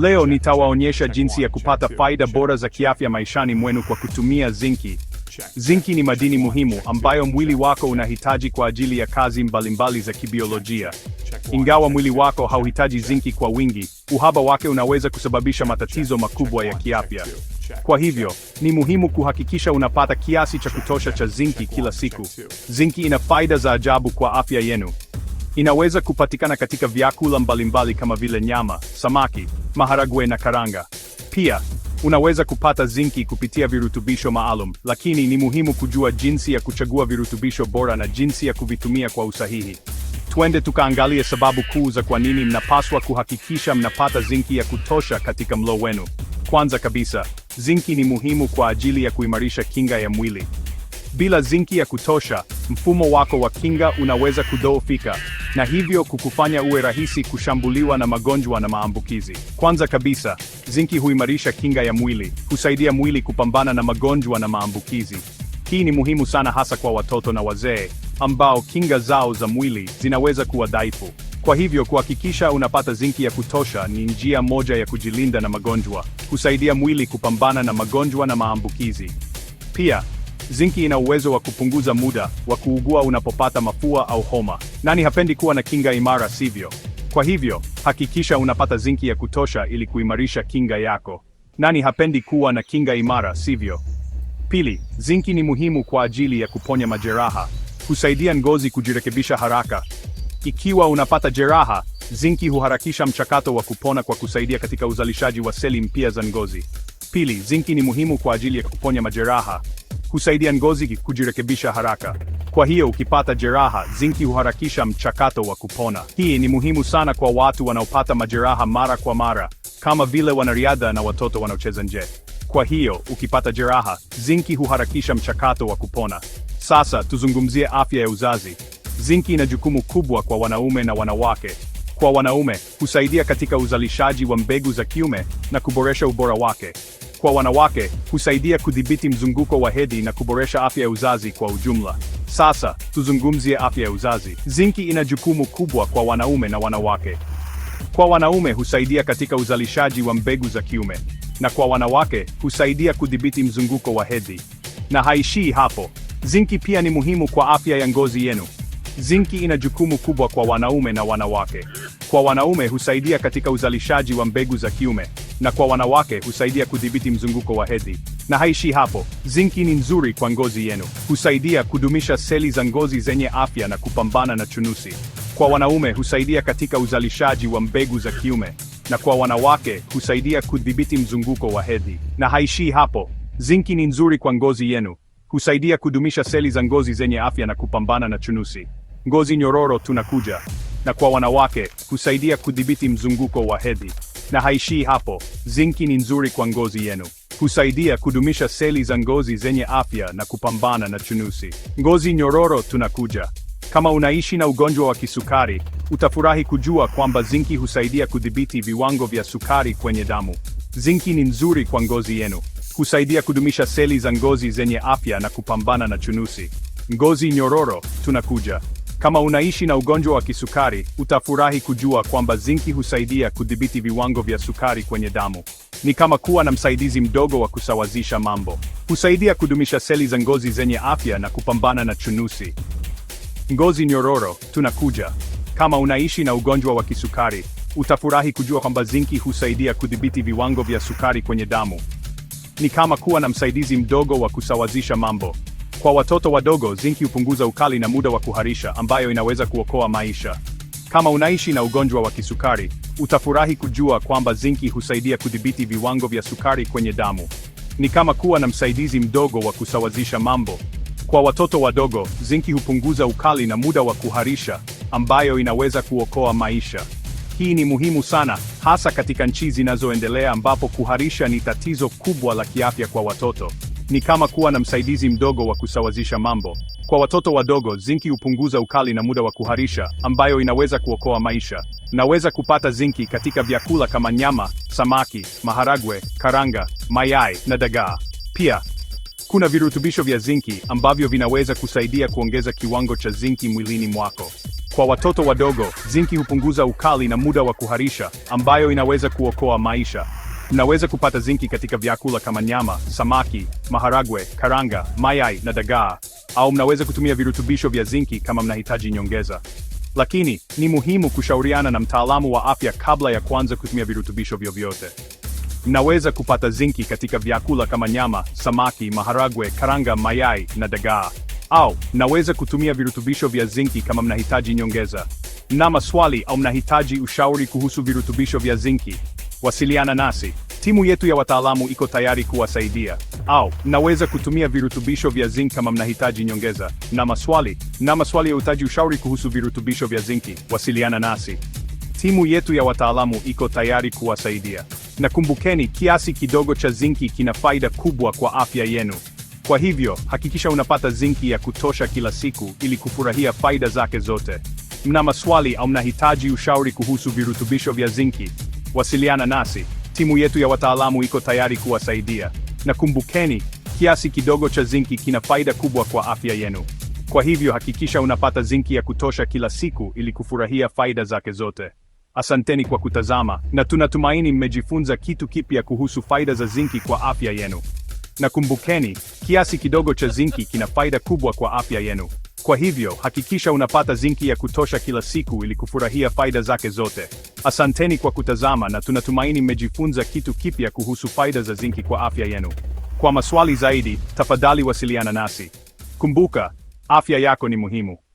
Leo nitawaonyesha jinsi ya kupata faida bora za kiafya maishani mwenu kwa kutumia zinki. Zinki ni madini muhimu ambayo mwili wako unahitaji kwa ajili ya kazi mbalimbali za kibiolojia. Ingawa mwili wako hauhitaji zinki kwa wingi, uhaba wake unaweza kusababisha matatizo makubwa ya kiafya. Kwa hivyo, ni muhimu kuhakikisha unapata kiasi cha kutosha cha zinki kila siku. Zinki ina faida za ajabu kwa afya yenu. Inaweza kupatikana katika vyakula mbalimbali kama vile nyama, samaki, maharagwe na karanga. Pia unaweza kupata zinki kupitia virutubisho maalum, lakini ni muhimu kujua jinsi ya kuchagua virutubisho bora na jinsi ya kuvitumia kwa usahihi. Twende tukaangalie sababu kuu za kwa nini mnapaswa kuhakikisha mnapata zinki ya kutosha katika mlo wenu. Kwanza kabisa, zinki ni muhimu kwa ajili ya kuimarisha kinga ya mwili. Bila zinki ya kutosha, mfumo wako wa kinga unaweza kudhoofika, na hivyo kukufanya uwe rahisi kushambuliwa na magonjwa na maambukizi. Kwanza kabisa, zinki huimarisha kinga ya mwili, husaidia mwili kupambana na magonjwa na maambukizi. Hii ni muhimu sana hasa kwa watoto na wazee ambao kinga zao za mwili zinaweza kuwa dhaifu. Kwa hivyo kuhakikisha unapata zinki ya kutosha ni njia moja ya kujilinda na magonjwa, husaidia mwili kupambana na magonjwa na maambukizi. Pia, zinki ina uwezo wa kupunguza muda wa kuugua unapopata mafua au homa. Nani hapendi kuwa na kinga imara, sivyo? Kwa hivyo, hakikisha unapata zinki ya kutosha ili kuimarisha kinga yako. Nani hapendi kuwa na kinga imara, sivyo? Pili, zinki ni muhimu kwa ajili ya kuponya majeraha, kusaidia ngozi kujirekebisha haraka. Ikiwa unapata jeraha, zinki huharakisha mchakato wa kupona kwa kusaidia katika uzalishaji wa seli mpya za ngozi. Pili, zinki ni muhimu kwa ajili ya kuponya majeraha, kusaidia ngozi kujirekebisha haraka. Kwa hiyo ukipata jeraha, zinki huharakisha mchakato wa kupona. Hii ni muhimu sana kwa watu wanaopata majeraha mara kwa mara, kama vile wanariadha na watoto wanaocheza nje. Kwa hiyo ukipata jeraha, zinki huharakisha mchakato wa kupona. Sasa tuzungumzie afya ya uzazi. Zinki ina jukumu kubwa kwa wanaume na wanawake. Kwa wanaume, husaidia katika uzalishaji wa mbegu za kiume na kuboresha ubora wake kwa wanawake husaidia kudhibiti mzunguko wa hedhi na kuboresha afya ya uzazi kwa ujumla. Sasa tuzungumzie afya ya uzazi. Zinki ina jukumu kubwa kwa wanaume na wanawake. Kwa wanaume husaidia katika uzalishaji wa mbegu za kiume, na kwa wanawake husaidia kudhibiti mzunguko wa hedhi. Na haishii hapo, zinki pia ni muhimu kwa afya ya ngozi yenu. Zinki ina jukumu kubwa kwa wanaume na wanawake. Kwa wanaume husaidia katika uzalishaji wa mbegu za kiume na kwa wanawake husaidia kudhibiti mzunguko wa hedhi. Na haishi hapo, zinki ni nzuri kwa ngozi yenu, husaidia kudumisha seli za ngozi zenye afya na kupambana na chunusi. Kwa wanaume husaidia katika uzalishaji wa mbegu za kiume, na kwa wanawake husaidia kudhibiti mzunguko wa hedhi. Na haishi hapo, zinki ni nzuri kwa ngozi yenu, husaidia kudumisha seli za ngozi zenye afya na kupambana na chunusi. Ngozi nyororo tunakuja, na kwa wanawake husaidia kudhibiti mzunguko wa hedhi. Na haishii hapo, zinki ni nzuri kwa ngozi yenu. Husaidia kudumisha seli za ngozi zenye afya na kupambana na chunusi. Ngozi nyororo tunakuja. Kama unaishi na ugonjwa wa kisukari, utafurahi kujua kwamba zinki husaidia kudhibiti viwango vya sukari kwenye damu. Zinki ni nzuri kwa ngozi yenu. Husaidia kudumisha seli za ngozi zenye afya na kupambana na chunusi. Ngozi nyororo tunakuja. Kama unaishi na ugonjwa wa kisukari, utafurahi kujua kwamba zinki husaidia kudhibiti viwango vya sukari kwenye damu. Ni kama kuwa na msaidizi mdogo wa kusawazisha mambo. Husaidia kudumisha seli za ngozi zenye afya na kupambana na chunusi. Ngozi nyororo, tunakuja. Kama unaishi na ugonjwa wa kisukari, utafurahi kujua kwamba zinki husaidia kudhibiti viwango vya sukari kwenye damu. Ni kama kuwa na msaidizi mdogo wa kusawazisha mambo. Kwa watoto wadogo, zinki hupunguza ukali na muda wa kuharisha, ambayo inaweza kuokoa maisha. Kama unaishi na ugonjwa wa kisukari, utafurahi kujua kwamba zinki husaidia kudhibiti viwango vya sukari kwenye damu. Ni kama kuwa na msaidizi mdogo wa kusawazisha mambo. Kwa watoto wadogo, zinki hupunguza ukali na muda wa kuharisha, ambayo inaweza kuokoa maisha. Hii ni muhimu sana, hasa katika nchi zinazoendelea ambapo kuharisha ni tatizo kubwa la kiafya kwa watoto ni kama kuwa na msaidizi mdogo wa kusawazisha mambo. Kwa watoto wadogo, zinki hupunguza ukali na muda wa kuharisha, ambayo inaweza kuokoa maisha. Naweza kupata zinki katika vyakula kama nyama, samaki, maharagwe, karanga, mayai na dagaa. Pia kuna virutubisho vya zinki ambavyo vinaweza kusaidia kuongeza kiwango cha zinki mwilini mwako. Kwa watoto wadogo, zinki hupunguza ukali na muda wa kuharisha, ambayo inaweza kuokoa maisha mnaweza kupata zinki katika vyakula kama nyama, samaki, maharagwe, karanga, mayai na dagaa, au mnaweza kutumia virutubisho vya zinki kama mnahitaji nyongeza. Lakini ni muhimu kushauriana na mtaalamu wa afya kabla ya kuanza kutumia virutubisho vyovyote. Mnaweza kupata zinki katika vyakula kama nyama, samaki, maharagwe, karanga, mayai na dagaa, au mnaweza kutumia virutubisho vya zinki kama mnahitaji nyongeza. Mna maswali au mnahitaji ushauri kuhusu virutubisho vya zinki? Wasiliana nasi, timu yetu ya wataalamu iko tayari kuwasaidia. Au mnaweza kutumia virutubisho vya zinc kama mnahitaji nyongeza. Na maswali na maswali ya utaji ushauri kuhusu virutubisho vya zinki, wasiliana nasi, timu yetu ya wataalamu iko tayari kuwasaidia. Na kumbukeni, kiasi kidogo cha zinki kina faida kubwa kwa afya yenu. Kwa hivyo hakikisha unapata zinki ya kutosha kila siku ili kufurahia faida zake zote. Mna maswali au mnahitaji ushauri kuhusu virutubisho vya zinki? wasiliana nasi, timu yetu ya wataalamu iko tayari kuwasaidia. Na kumbukeni, kiasi kidogo cha zinki kina faida kubwa kwa afya yenu. Kwa hivyo hakikisha unapata zinki ya kutosha kila siku ili kufurahia faida zake zote. Asanteni kwa kutazama na tunatumaini mmejifunza kitu kipya kuhusu faida za zinki kwa afya yenu. Na kumbukeni, kiasi kidogo cha zinki kina faida kubwa kwa afya yenu. Kwa hivyo, hakikisha unapata zinki ya kutosha kila siku ili kufurahia faida zake zote. Asanteni kwa kutazama na tunatumaini mmejifunza kitu kipya kuhusu faida za zinki kwa afya yenu. Kwa maswali zaidi, tafadhali wasiliana nasi. Kumbuka, afya yako ni muhimu.